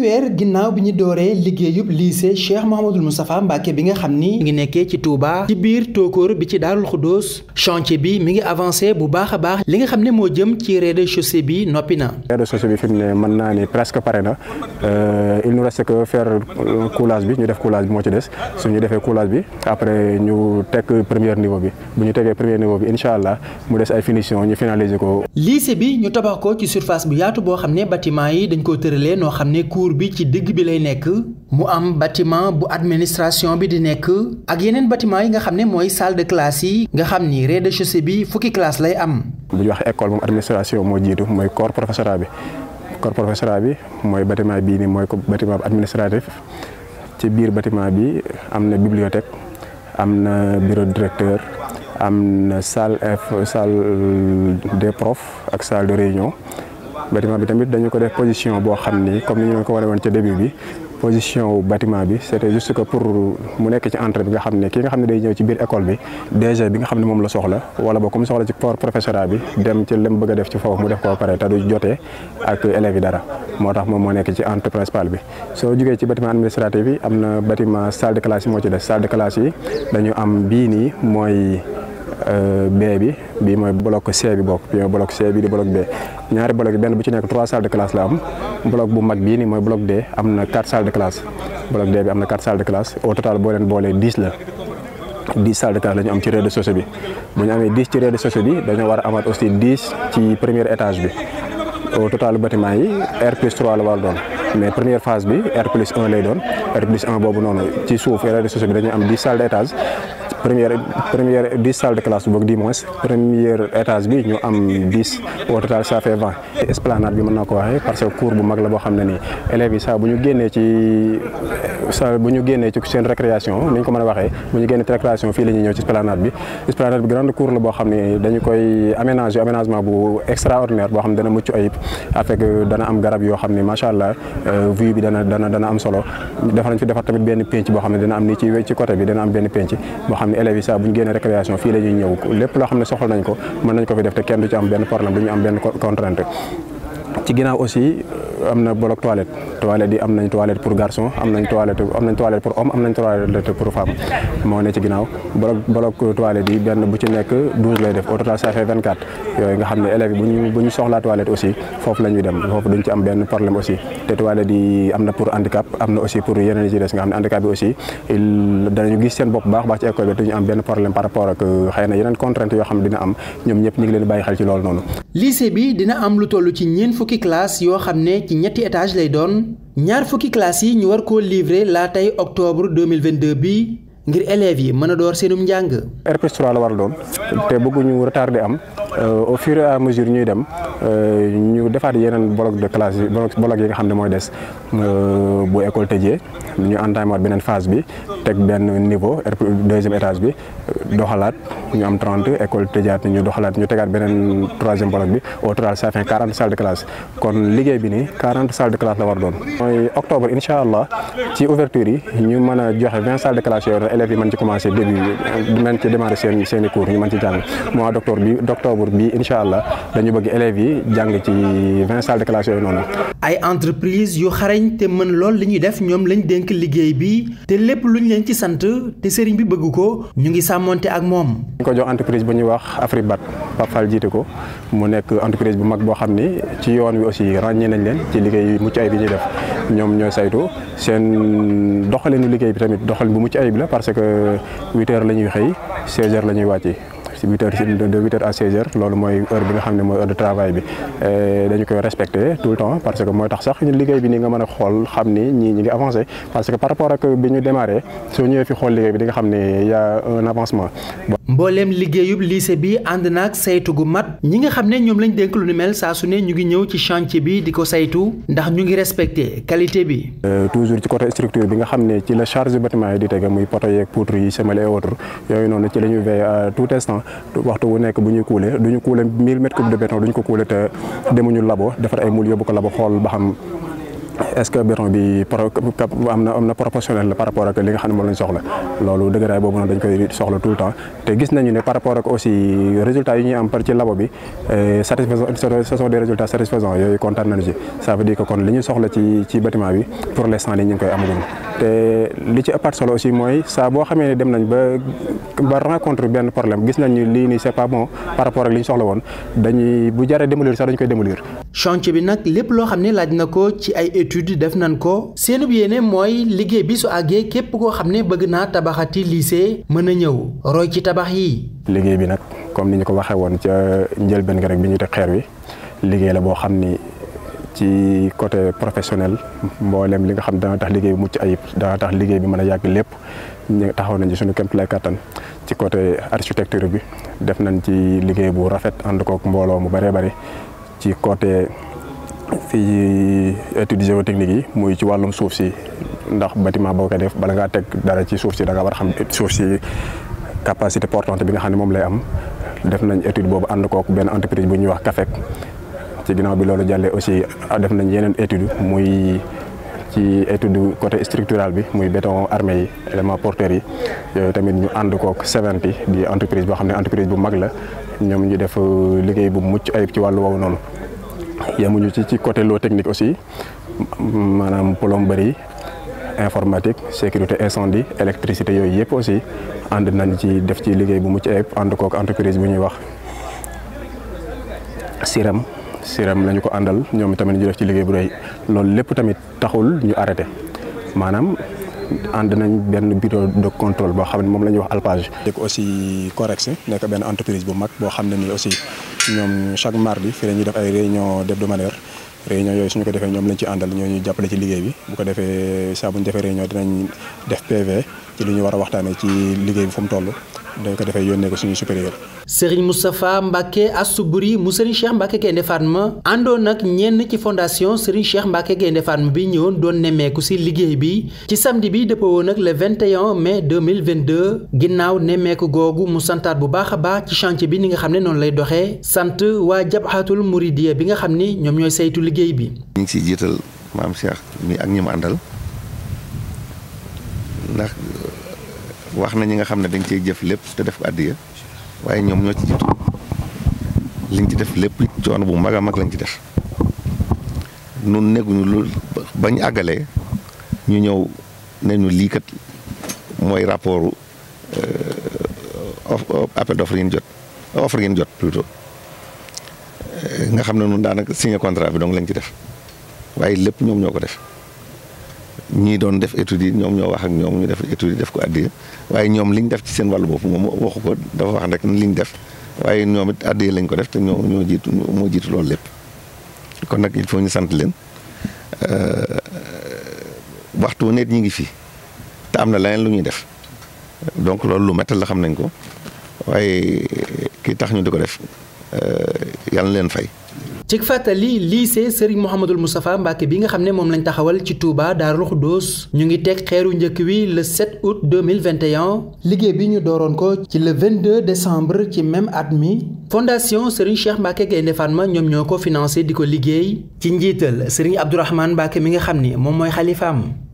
fukki weer ginnaaw bi ñu dooree liggéeyub lycée Cheikh Mouhamadul Moustapha Mbacke bi nga xam ni ngi nekkee ci Touba ci biir Tokor bi ci Daarul Xuddoos chantier bi mi ngi avancé bu baax a baax li nga xam ne moo jëm ci rez de bi noppi na. rez-de-chaussée bi fi mu ne mën naa ni presque pare na euh, il nous reste que faire coulage bi ñu def coulage bi moo ci des su ñu defee coulage bi après ñu teg premier niveau bi bu ñu tegee premier niveau bi incha allah mu des ay finition ñu finaliser ko. lycée bi ñu cour bi ci digg bi lay nekk mu am batiment bu administration bi di nekk ak yeneen bâtiment yi nga xam ne mooy salle de classe yi nga xam ni rez de bi fukki classe lay am. bu ñu wax école moom administration moo jiitu mooy corps professoral bi corps professoral bi mooy bâtiment bii nii mooy ko bâtiment administratif ci biir batiment bi am na bibliothèque am na bureau directeur. am na salle salle des ak salle de réunion bâtiment bi tamit dañu ko def position boo xam ni comme ni ñu leen ko wane woon ca début bi position wu bâtiment bi c'était juste que pour mu nekk ci entre bi nga xam ne ki nga xam ne day ñëw ci biir école bi DG bi nga xam ne moom la soxla wala ba comme soxla ci port professorat bi dem ci lim bëgg a def ci foofu mu def ko pare te du jotee ak élèves yi dara moo tax moom moo nekk ci entrée principale bi soo jugee ci bâtiment administratif yi am na bâtiment salle moo ci des salle am bii nii mooy Euh, B bi bii mooy bloc C bi book bii mooy bloc C bi di bloc B ñaari bloc benn bu ci nekk trois salles de classe la am bloc bu mag bii nii mooy bloc D am na quatre salles de classe bloc D bi am na quatre salles de classe au total boo leen boolee dix la. dix salles de classe la am ci rez-de-chaussée bi bu ñu amee dix ci rez de bi dañoo war a amaat aussi dix ci premier étage bi au total batiment yi R plus 3 la war doon. mais première phase bi R plus 1 lay doon R plus 1 boobu noonu ci suuf rez-de-chaussée bi dañuy am 10 salles d'étage première première 10 salles de classe boog 10 moins première étage bi ñu am 10 au total ça fait 20 esplanade bi mën naa ko waxee parce que cours bu mag la boo xam ne nii élèves yi saa bu ñu génnee ci sa bu ñu génnee ci seen récréation ni ñu ko mën a waxee bu ñu génnee ci récréation fii la ñuy ñëw ci esplanade bi esplanade bi grande cour la boo xam ne boo xam ne dana mucc ayib avec euh, dana am garab yoo xam ne macha allah euh, vue bi dana dana dana am solo defar nañ fi defar tamit boo xam ne dana am nii ci ci côté bi dana am benn penc xam ne élèves yi saa bu ñu fii la ñuy ñëw loo xam ne soxla nañ ko mën nañ ko fi def te kenn du ci am benn problème du ñu am benn contrainte ci ginnaaw aussi euh, am na bloc toilette toilette yi am nañ toilette pour garçon am nañ toilette pour homme am nañ toilette pour femme moo ne ci ginnaaw bloc bloc yi benn bu ci nekk douze lay def au total ça fait vingt quatre yooyu nga xam ne élèves yi bu ñu bu aussi foofu la dem foofu duñ ci am benn problème aussi te toilette yi am na pour handicap am na aussi pour yeneen yi ci des nga xam ne handicap bi aussi danañu gis seen bopp baax baax ci école bi duñu am benn problème par rapport ak euh, xëy na yeneen contraintes yoo xam ne dina am ñoom ñëpp ngi leen bàyyi xel ci loolu lycée bi dina am lu toll ci ñeent fukki classe yoo xam ne ci ñetti étage lay doon ñaar fukki classe yi ñu war ko livrer laa tey octobre 2022 bi ngir élèves yi mën a door seenum njàng. RPS 3 la war a doon te bëgguñu retardé am Euh, au fur et mesure ñuy dem euh, ñu defaat yeneen bloc de classe yi bloc yi nga xam ne mooy des euh, bu école tëjee ñu entamer waat beneen phase bi teg benn niveau er, deuxième étage bi doxalaat ñu am trente école tëjaat ñu doxalaat ñu tegaat beneen troisième bloc bi au total ça fait quarante de classe kon liggéey bi nii quarante salles de classe la war doon. mooy octobre incha allah ci ouverture yi ñu mën a joxe vingt salles de classe yooyu élèves yi mën ci commencé début mën ci i cours ñu mën ci jàng mois d'octobre bi d'octobre octobre bi incha allah dañu bëgg élèves yi jàng ci vingt salles de classe yooyu noonu. ay entreprise yu xarañ te mën lool li ñuy def ñoom lañ dénk liggéey bi te lépp lu ñu leen ci sant te sëriñ bi bëgg ko ñu ngi sàmmoonte ak moom. ñu ko jox entreprise bu ñuy wax Afribat Pape Fall jiite ko mu nekk entreprise bu mag boo xam ni ci yoon wi aussi ràññee nañ leen ci liggéey mucc ayib yi ñuy def ñoom ñooy saytu seen doxalinu liggéey bi tamit doxalin bu mucc ayib la parce que huit heures la ñuy xëy seize heures la ñuy wàcc. si huit heures de huit à seize loolu mooy heure bi nga xam ne mooy heure de travail bi dañu koy respecté tout le temps parce que mooy tax sax ñun liggéey bi nii nga mën a xool xam ni ñii ñi ngi avancé parce que par rapport ak bi ñu démarré soo ñëwee fi xool liggéey bi di nga xam ne y un avancement mbooleem liggéeyub lycée bi ànd naag saytu gu mat ñi nga xam ne ñoom lañ dénk lu ni mel saa su ne ñu ngi ñëw ci chantier bi di ko saytu ndax ñu ngi respecte qualité bi. Euh, toujours ci côté structure bi nga xam ne ci la charge bâtiment yi di tege muy poto yeeg poutre yi semelle et autres yooyu noonu ci la ñuy veillé à tout instant waxtu wu nekk bu ñuy kuule du ñu kuule 1000 mètres cube de béton du ñu ko kuule te demuñu labo defar ay moule yóbbu ko labo xool ba xam. est-ce que béton bi am na am na proportionnel la par rapport ak li nga xam ne moom lañ soxla loolu dëgëraay boobu noonu dañ koy soxla tout temps te gis nañu ne par rapport ak aussi résultats yi ñuy am par labo bi eh, satisfaisant ce sont des résultats satisfaisants yooyu kontaan ci ça veut que kon li ñu soxla ci ci bâtiment bi pour l'instant nii ñu koy amagum. te li ci ëppaat solo aussi mooy saa boo xamee ne dem nañ ba ba rencontre benn problème gis nañ ni lii nii c'est pas bon par rapport ak li ñu soxla woon dañuy bu jaree démolir sax dañ koy démolir. chantier bi nag lépp loo xam ne laaj na ko ci ay études def nañ ko seenub yéene mooy liggéey bi su àggee képp koo xam ne bëgg naa tabaxati lycée mën a ñëw roy ci tabax yi. liggéey bi nag comme ni ñu ko waxee woon ca njëlbeen nga rek bi ñu teg xeer wi liggéey la boo xam ni ci côté professionnel mboolem li nga xam dana tax liggéey bi mucc ayib dana tax liggéey bi mën a yàgg lépp ñu taxaw nañ ci suñu kéemtulaay kàttan ci côté architecture bi def nañ ci liggéey bu rafet ànd kook mbooloo mu bëree bëri ci côté fii études géotechniques yi muy ci wàllum suuf si ndax bâtiment boo koy def bala ngaa teg dara ci suuf si da nga war a xam suuf si capacité portante bi nga xam ne moom lay am def nañ étude boobu ànd kook benn entreprise bu ñuy wax kafek ci ginnaaw bi loolu jàllee aussi ah, def nañ yeneen étude muy ci étude côté structural bi muy béton armé yi élément porteur yi yooyu tamit ñu ànd kook Seventy di entreprise boo xam ne entreprise bu mag la ñoom ñu def euh, liggéey bu mucc ayib ci wàllu woowu noonu yemuñu ci ci côté loo technique aussi maanaam plomberie informatique sécurité incendie électricité yooyu yëpp aussi ànd nañ ci def ci liggéey bu mucc ayib ànd kook entreprise bu ñuy wax Siram siram lañu ko àndal ñoom tamit ñu def ci liggéey bu rëy loolu lépp tamit taxul ñu arrêté maanaam ànd nañ benn bureau de contrôle boo xam ne moom la ñuy wax alpage. ko aussi Corex nekk benn entreprise bu mag boo xam ne nii aussi ñoom chaque mardi fii la ñuy def ay réunion hebdomadaire réunion yooyu suñu ko defee ñoom lañ ci àndal ñoo ñu jàppale ci liggéey bi bu ko defee saa bu ñu réunion dinañ def PV ci li ñu war a waxtaanee ci liggéey bi fu mu toll. dañ ko defee yónnee ko suñuy supérieur Serigne Moustapha Mbacke Asuburi mu Serigne Cheikh Mbacke Gaynde Fatma àndoon ak ñenn ci fondation Serigne Cheikh Mbacke Gaynde Fatma bi ñëwoon doon nemmeeku si liggéey bi ci samedi bi dëppoo woon ak le 21 mai 2022 ginnaaw nemmeeku googu mu santaat bu baax a baax ci chantier bi ni nga xam ne noonu lay doxee sant waa Jabhatul Muridiya bi nga xam ni ñoom ñooy saytu liggéey bi. ñu ngi ciy jiital maam Cheikh mi ak ñi àndal wax na ñi nga xam ne dañ cey jëf lépp te def ko àddiya waaye ñoom ñoo ci jiitu liñ ci def lépp coono bu mag a mag lañ ci def nun neguñu lu bañ àggalee ñu ñëw nañu lii kat mooy rapportu euh, appel d'offre yi jot offre yi jot plutôt nga xam ne nun daanaka signé contrat bi donc lañ ci def waaye lépp ñoom ñoo ko def ñii doon def études yi ñoom ñoo wax ak ñoom ñu def études yi def ko addiya waaye ñoom li ñu def ci seen wàllu bopp moom waxu ko dafa wax rek li ñu def waaye ñoom it lañ ko def te ñoo ñoo jiitu moo jiitu loolu lépp kon nag il faut ñu sant leen euh, waxtu wu nekk ñi ngi fi te am na leneen lu ñuy def donc loolu lu métti la xam nañ ko waaye kii tax ñu di ko def euh, yàlla na leen fay ci fàttali lycée Serigne Mouhamadul Moustapha Mbacke bi nga xam ne moom lañ taxawal ci Touba Darou Khoudoss ñu ngi teg xeeru njëkk wi le 7 août 2021 liggéey bi ñu dooroon ko ci le 22 décembre ci même at mi fondation Serigne Cheikh Mbacke Gaynde ma ñoom ñoo ko financé di ko liggéey ci njiital Serigne Abdourahmane Mbacke mi nga xam ni moom mooy xalifaam